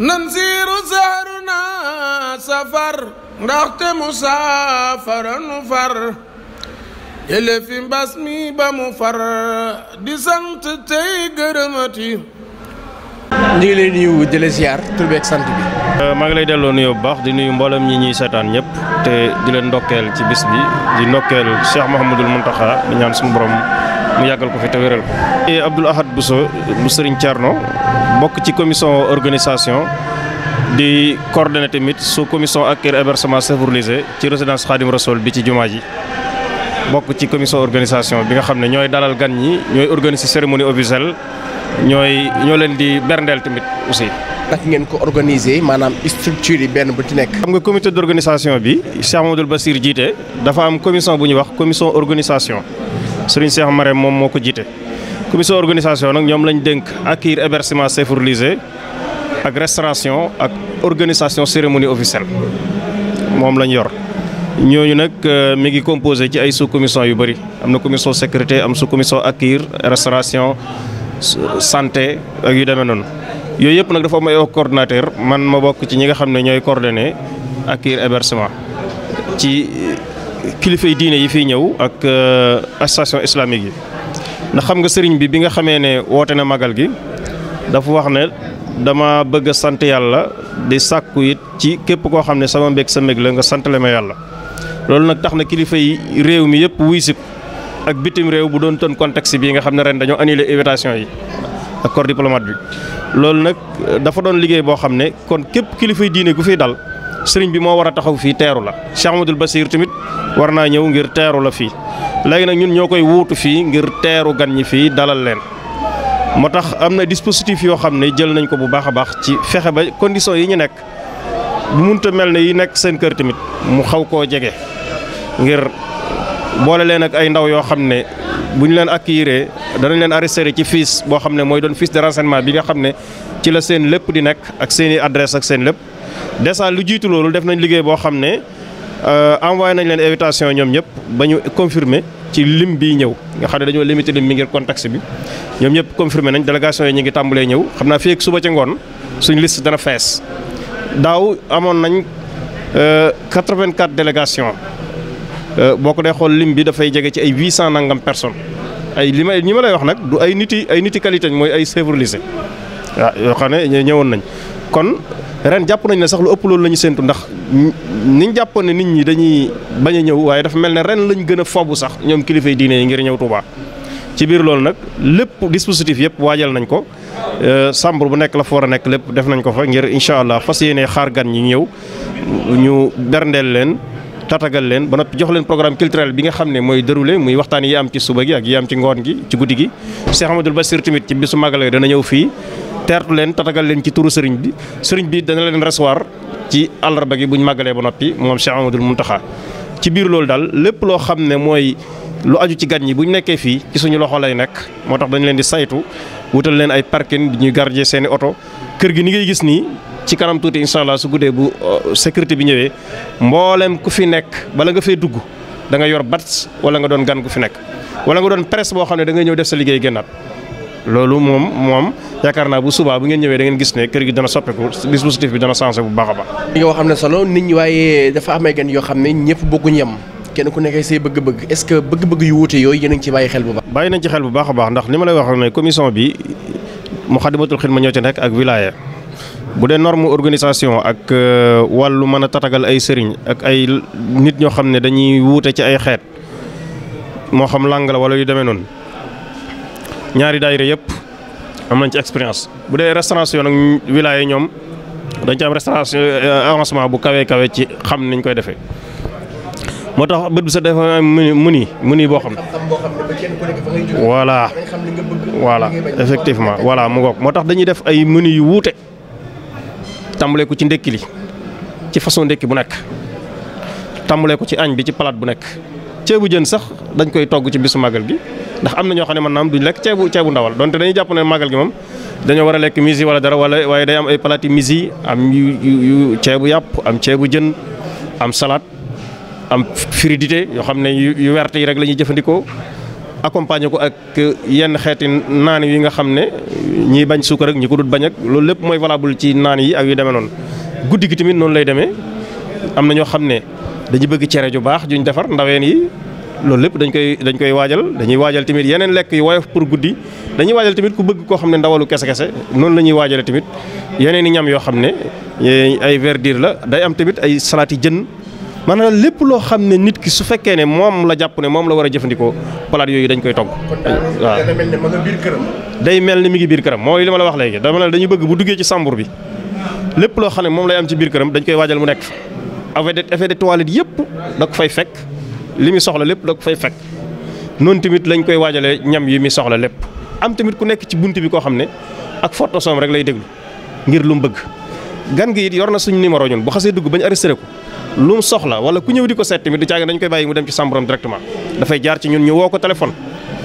nan siiru saaruna safar ndaxte musaafara nu far jële fi mbas mi ba mu far di sant tey gërëmati ñu ngi lay nuyu jële siyaar tur sant bi euh, maa ngi lay delloo nuyoo bu baax di nuyu mboolem ñi ñuy seetaan ñëpp te di leen ndokkeel ci bis bi di ndokkeel Cheikh Mouhamadul Mountakha di ñaan suñu borom mu yàggal ko fi te wéral ko. et Abdoul Ahad Bousso bu Serigne Thierno bokk ci commission organisation di coordonné tamit sous commission accueil hébergement sécurisé ci résidence Khadim Rassoul bi ci jumaa ji. bokk ci commission organisation bi nga xam ne ñooy dalal gan ñi ñooy organiser cérémonie officielle ñooy ñoo leen di berndeel tamit aussi. naka ngeen ko organiser maanaam structure yi benn bu ci nekk. xam nga comité d'organisation bi Cheikh Amadou Bassir jiite am commission bu ñuy wax commission organisation. Serigne Cheikh Marème mom moko jité commission organisation nak ñom lañ dénk accueillir hébergement sécurisé ak restauration ak organisation cérémonie officielle mom lañ yor. ñoñu nak euh, mi ngi composé ci ay sous commission yu bari amna commission sécurité am sous commission accueil restauration santé ak yu demee non yooyu yëpp nag dafa am ay coordonnateur man ma bok ci ñi nga xamné ñoy coordonner coordonné hébergement ci. kilifay diine yi fiy ñëw ak euh, association islamique yi ndax xam nga sëriñ bi bi nga xamee ne woote na magal gi dafa wax ne dama bëgg a sant yàlla di sàkku it ci képp koo xam ne sama mbég sa mbég la nga santale ma yàlla loolu nag tax na kilifa yi réew mi yëpp wuy si ak bitim réew bu doon ton contexte bii nga xam ne ren dañoo annulé invitation yi ak corps diplomate bi loolu nag dafa doon liggéey boo xam ne kon képp kilifay diine gu fiy dal sëriñ bi moo war a taxaw fii teeru la Cheikh Amadou Bassir tamit war naa ñëw ngir teeru la fii léegi nag ñun ñoo koy wuutu fii ngir teeru gan ñi fii dalal leen moo tax am na dispositif yoo xam ne jël nañ ko bu baax a baax ci fexe ba conditions yi ñu nekk bu munta mel ne yi nekk seen kër tamit mu xaw koo jege ngir boole leen ak ay ndaw yoo xam ne bu ñu leen accueillir danañ leen arrêter ci fiche boo xam ne mooy doon fiche de renseignement bi nga xam ne ci la seen lépp di nekk ak seen i adresse ak seen lépp dèjà lu jiitu loolu def nañ liggéey boo xam ne euh, envoyé nañ leen invitation ñoom ñëpp ba ñu confirmer ci lim bii ñëw nga xam ne dañoo limité lim mi ngir contexte bi ñoom ñëpp confirmer nañ délégation yi ñu ngi tàmbalee ñëw xam naa feek ak suba ca ngoon suñ liste dana fees daaw amoon nañ 84 euh, délégation euh, boo ko dee xool lim bi dafay jege ci ay 800 nangam personnes ay li ñi ma lay wax nag du ay niti ay niti qualité mooy ay chevrelisé waaw yoo xam ne ñëwoon nañ kon ren japp nañ ne sax lu ëpp loolu lañu sentu ndax niñ jappone ne nit ñi dañuy bañ a ñëw waaye dafa mel ne ren lañ gën a fobu sax ñoom kilifay diine yi ngir ñëw ci biir loolu nag lépp dispositif yëpp waajal nañ ko Sambur euh, bu nekk la fa war nekk lépp def nañ ko fa ngir incha allah fas yéenee xaar gan ñi ñëw ñu berndeel leen. tatagal leen ba noppi jox leen programme culturel bi nga xam ne mooy déroulé muy waxtaan yi am ci suba gi ak yi am ci ngoon gi ci guddi gi Cheikh Amadou Bassir tamit ci bisu màggal dana ñëw fii tertu len tatagal len ci turu serigne bi serigne bi dana len recevoir ci bagi gi buñ màggalee ba nopi mom Cheikh Amadou Mountakha ci bir lol dal lepp lo xam ne kefi lu aju ci gagne buñ nekké fi ci suñu loxo lay nek motax dañ len di saytu wutal len ay parking di ñuy garder seen auto kër gi ni ngay gis ni ci kanam tuuti inshallah su gude bu euh, sécurité bi ñëwé mbolem ku fi nek bala nga fay dugg da nga yor bats wala nga doon gan ku fi nek wala nga doon presse bo da nga ñëw def sa liggéey loolu moom moom yaakaar naa bu subaa bu ngeen ñëwee dangeen gis ne kër gi dana soppeeku dispositif bi dana changé bu baax a baax. li nga wax am na solo nit yoo xam ne ñëpp bokkuñ yem kenn ku nekkee say bëgg-bëgg est-ce que bëgg-bëgg yu wuute yooyu yéen a ngi ci bàyyi xel bu baax. bàyyi nañ ci xel bu a baax ndax li ma lay wax ne commission bi ñoo ci nekk ak wilaya bu dee norme organisation ak euh, wàllu mën a tatagal ay sëriñ ak ay nit ñoo xam ne dañuy wuute ci ay xeet moo xam làng la wala yu demee noonu ñaari daayira yëpp am nañ ci expérience bu dee restauration nag wilaya ñoom dañ ci am restauration euh, avancement bu kawee kawee ci xam niñ koy defee moo tax bët bi sa dafa am muni boo xam ne voilà voilà effectivement voilà mu ngoog moo tax dañuy def ay muni yu wuute tàmbalee ko ci ndékki li ci façon ndékki bu nekk tàmbalee ko ci añ bi ci palaat bu nekk ceebu jën sax dañ koy togg ci bisu màggal gi ndax am na ñoo xam ne mën naam am lekk ceebu ceebu ndawal donte dañuy jàpp ne màggal dañoo war a lekk wala dara wala waaye day am ay palaati am yu ceebu yàpp am ceebu jën am salade am fridité yoo xam ne yu yi rek la jëfandikoo accompagner ko ak yenn xeeti naan yi nga xam ne ñiy bañ suukar ak ñi ko dut bañ loolu lépp mooy valable ci naan yi ak yu demee noonu guddi gi tamit noonu lay demee am na ñoo xam ne dañu bëgg cere ju baax juñ défar ndawéen yi loolu lepp dañ koy dañ koy waajal dañuy wajal timit yenen lek yu wayof pour guddii dañuy waajal timit ku bëgg ko xam ndawalu kese kessé non lañuy ñuy timit yenen ñam yo xam eh, ay verdure la day am timit ay salati jeun man la lepp lo ne nit ki su fekkee ne mom la japp ne mom la wara jëfëndiko jëfandikoo yoyu dañ koy togg day mel mi ngi biir kërëm moy li ma la wax léegi dama la dañuy bëgg bu duggé ci sambur bi lepp lo xam mom lay am ci biir kërëm dañ koy mu nekk effet de toilette yëpp da ko fay fekk li muy soxla lépp da fay fekk noonu tamit lañ koy waajalee ñam yi muy soxla lépp am tamit ku nekk ci bunt bi koo xam ne ak fortosom rek lay déglu ngir lu mu bëgg gan gi it yor na suñu numéro ñun bu xasee dugg bañ arrêté ko lu mu soxla wala ku ñëw di ko seet tamit du caagi dañ koy bàyyi mu dem ci sàmbaram directement dafay jaar ci ñun ñu woo ko téléphone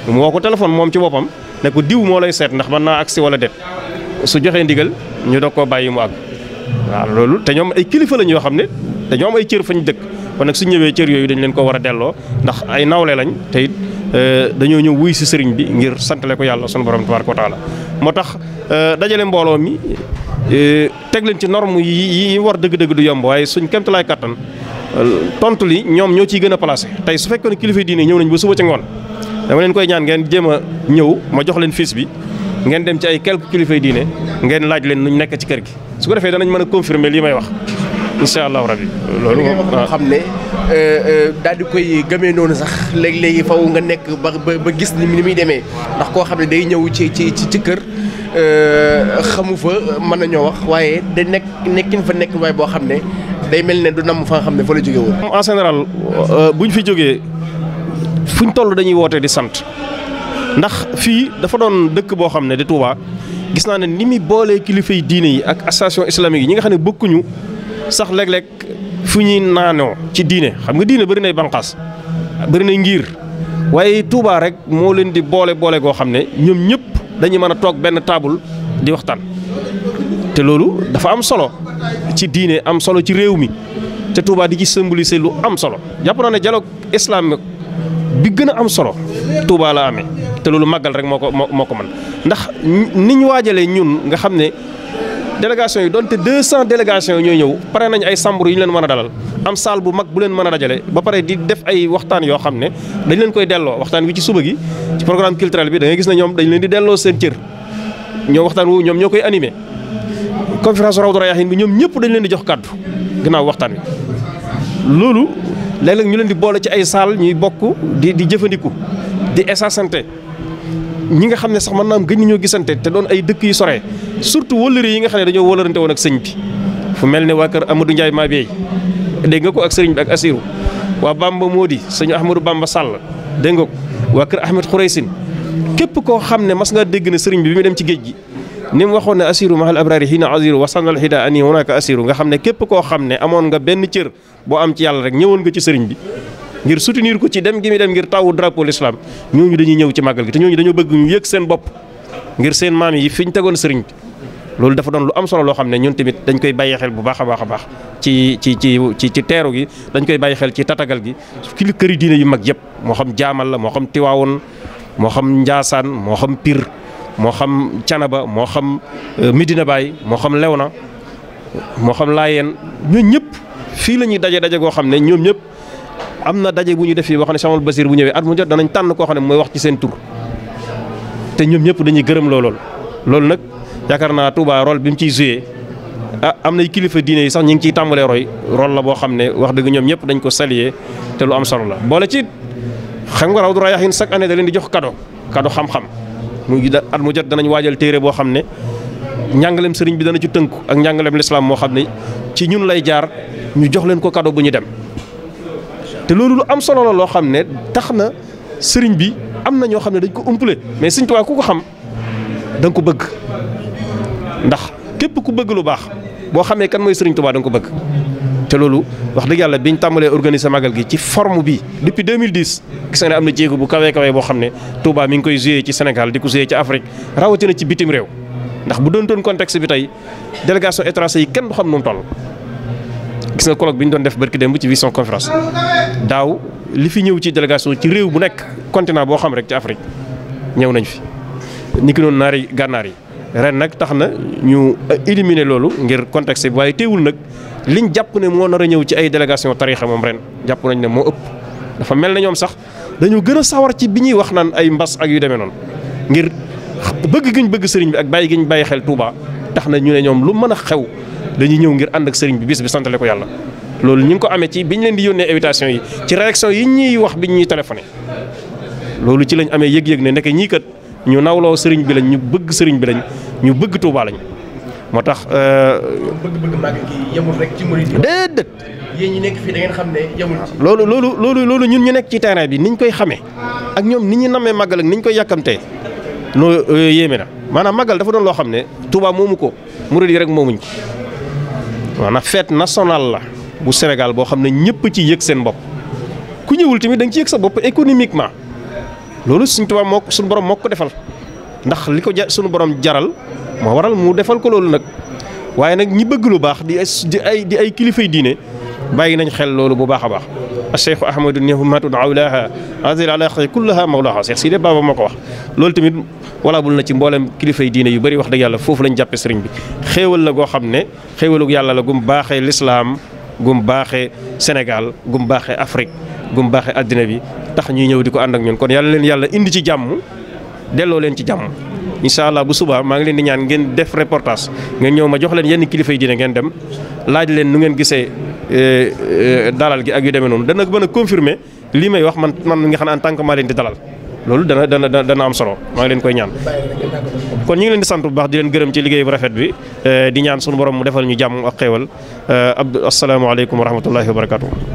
mu woo ko téléphone moom ci boppam ne ko diw moo lay seet ndax mën naa agsi wala déet su joxee ndigal ñu doog koo bàyyi mu àgg waaw loolu te ñoom ay kilifa la ñoo xam ne dañoo am ay cër fañ dëkk kon nag su ñëwee cër yooyu dañ leen ko war a delloo ndax ay nawle lañ tey it euh, dañoo ñëw wuy si sëriñ bi ngir santale ko yàlla sunu borom tabaaraka ko taala moo tax euh, dajale mbooloo mi euh, teg leen ci norme yi yi war dëgg-dëgg du yomb waaye suñ kemtalaay kattan tontu li ñoom ñoo ciy gën a placé tey su fekkee fekkoon kilifa diine ñëw nañ ba suba ca ngoon dama leen koy ñaan ngeen jéem a ñëw ma jox leen fiis bi ngeen dem ci ay quelques kilifa diine ngeen laaj leen nuñ nekk ci kër gi su ko defee danañ mën a confirmer lii may wax incha allahu rabi. loolu moom xam ne euh, euh, daal di koy gëmee noonu sax léegi-léegi faw nga nekk ba ba gis ni ni muy demee ndax koo xam ne day ñëw ci ci ci kër euh, xamu fa mën nañoo wax waaye da nekk nekkin fa nekk waaye boo xam ne day mel ne du nam fa nga xam ne fa la jóge woon. en général ñu fi jógee ñu toll dañuy woote di sant ndax fii dafa doon dëkk boo xam ne di Touba gis naa ne ni muy boolee kilifa yi diine yi ak association islamique yi ñi nga xam ne bokkuñu. sax léeg-léeg fu ñuy naanoo ci diine xam nga diine bëri nay banqaas bëri nay ngir waaye tuubaa rek moo leen di boole boole goo xam ne ñoom ñëpp dañuy mën a toog benn taabul di waxtaan. te loolu dafa am solo ci diine am solo ci réew mi te Touba di ci symboliser lu am solo jàpp naa ne dialogue islamique bi gën a am solo Touba la amee te loolu màggal rek moo ko moo ko man ndax ni ñu ñun nga xam ne. délégation yi donte 200 délégation ñoy ñew paré nañ ay sambru yu ñu leen mëna dalal am salle bu mag bu leen mëna dajalé ba paré di def ay waxtaan yo xamné dañ leen koy dello waxtaan wi ci suba gi ci programme culturel bi da ngay gis na ñom dañ leen di dello seen cër ñoom waxtaan wu ñom ñoo animer conférence rawdou rayahin bi ñom ñepp dañ leen di jox cadeau ginnaaw waxtaan wi lolu léeg-léeg ñu leen di bolé ci ay salle ñuy bokku di di jëfëndiku di essa santé ñi nga xam ne sax mën naa am gën ñoo gisante te doon ay dëkk yu sore surtout wëllëre yi nga xam ne dañoo wëllërante woon ak sëñ bi fu mel ne waa kër Amadou maa Mabey dégg nga ko ak sëriñ bi ak Assirou waa Bamba Modi sëñ Ahmadou Bamba Sall dégg nga ko waa kër Ahmed Khouraysin képp koo xam ne mas ngaa dégg ne sëriñ bi bi mu dem ci géej gi ni mu waxoon ne Assirou mahal abrari xiina asiru wasanal xida ani hunaka asiru nga xam ne képp koo xam ne amoon nga benn cër boo am ci yàlla rek ñëwoon nga ci sëriñ bi ngir soutenir ko ci dem gi dem ngir tawu drapeau l'islam ñooñu dañuy ñëw ci màggal gi te ñooñu dañoo bëgg ñu yëg seen bopp ngir seen maam yi fi ñu tegoon sëriñ bi loolu dafa doon lu am solo loo xam ne ñun tamit dañ koy bàyyi xel bu baax a baax a baax ci ci ci ci ci teeru gi dañ koy bàyyi xel ci tatagal gi kili këri diine yu mag yëpp moo xam jaamal la moo xam tiwaawoon moo xam njaasaan moo xam pir moo xam canaba moo xam euh, midina baay moo xam lewna moo xam laayeen ñooñu ñëpp fii la ñuy daje daje goo xam ne ñoom ñëpp am na daje bu ñu def fii boo xam ne Chamal Basir bu ñëwee at mu jot danañ tànn koo xam ne mooy wax ci seen tur te ñoom ñëpp dañuy gërëm loolool loolu nag yaakaar naa Touba rôle bi mu ciy joué ah am nay kilifa diine yi sax ñu ngi ciy tàmbalee roy rôle la boo xam ne wax dëgg ñoom ñëpp dañ ko saluer te lu am solo la boole ci xam nga Rawdu Rayaahiin chaque année da leen di jox kado kado xam-xam mu at mu jot danañ waajal téere boo xam ne njàngaleem sëriñ bi dana ci tënku ak njàngaleem lislaam moo xam ne ci ñun lay jaar ñu jox leen ko kado bu ñu dem te loolu lu am solo loo xam ne tax na sëriñ bi am na ñoo xam ne dañ ko umpale mais sëriñ Tuubaa ku ko xam da nga ko bëgg ndax képp ku bëgg lu baax boo xamee kan mooy sëriñ Tuubaa da nga ko bëgg. te loolu wax dëgg yàlla biñ tàmbalee organiser magal gi ci forme bi depuis 2010 gis nga ne am na jéego bu kawee kawee boo xam ne Touba mi ngi koy joué ci Sénégal di ko joué ci Afrique rawatina ci bitim réew ndax bu doon doon contexte bi tey délégation étranger yi kenn du xam nu mu toll. gis nga colloque bi ñu doon def barki démb ci vision conférence daaw li fi ñëw ci délégation ci réew bu nekk continent boo xam rek ci Afrique ñëw nañ fi. ni ki noonu naari gànnaar yi ren nag tax na ñu euh, éliminer loolu ngir contexte bi waaye teewul nag liñ jàpp ne moo nar a ñëw ci ay délégation tarixa moom ren jàpp nañ ne moo ëpp. dafa mel ne ñoom sax dañu gën a sawar ci bi ñuy wax naan ay mbas ak yu demee noonu ngir bëgg giñ bëgg sëriñ bi ak bàyyi giñ bàyyi xel Touba tax na ñu ne ñoom lu mën a xew. dañuy ñëw ngir ànd ak sëriñ bi bis bi santale ko yàlla loolu ñu ngi ko amee ci bi leen di yónnee invitation yi ci réaction yi ñuy wax bi ñuy téléphoné loolu ci lañ amee yëg-yëg ne nekk ñii kat ñu nawloo sëriñ bi lañ ñu bëgg sëriñ bi lañ ñu bëgg Touba moo tax. Euh, bëgg-bëgg màgg gi yemul nekk da ngeen xam ne loolu loolu loolu loolu ñun ñu nekk ci terrain bi niñ koy xamee ak ñoom ni ñu namee màggal ak niñ koy yàkkamtee noo euh, yéeme na maanaam maggal dafa doon loo xam ne Touba moomu ko murid rek moomuñ ko waa ndax fête nationale la bu Sénégal boo xam ne ñëpp ci yëg seen bopp ku ñëwul tamit dañ nga ci yëg sa bopp économiquement loolu suñ tubaab moo suñu borom moo ko defal ndax li ko ja suñu borom jaral moo waral mu defal ko loolu nag waaye nag ñi bëgg lu baax di di ay di ay kilifay diine. باين خل لولو بباخ باخ الشيخ أحمد النيف ما تدعولها هذه العلاقة كلها مولاها الشيخ سيد بابا مقوى لولت من ولا بولنا تيمبولم كيف يدين يبري وحدة يلا فوف لين جاب سرين بي خيول لغو خبنة خيول لغو يلا لغو باخ الإسلام غم باخ السنغال غم باخ أفريق غم باخ أدنبي تخنيني وديكو أندم يوم كون يلا يلا إندي تجامو دلولين تجامو inshallah allah bu suba ma ngi len di ñaan ngeen def reportage ngeen ñew ma jox len yenn kilifa yi dina ngeen dem laaj len nu ngeen gisee eh, eh, dalal gi ak yu demé non dana mën bëna confirmer li may wax man man nga xana en tant que ma len di dalal lolu dana dana dana am solo ma ngi len koy ñaan. kon ñi ngi len di sant bu baax di len gërëm ci liggéey bu rafet bi eh, di ñaan suñu borom mu defal ñu jamm ak xéewal Abdou alaykum wa rahmatullahi wa barakatuh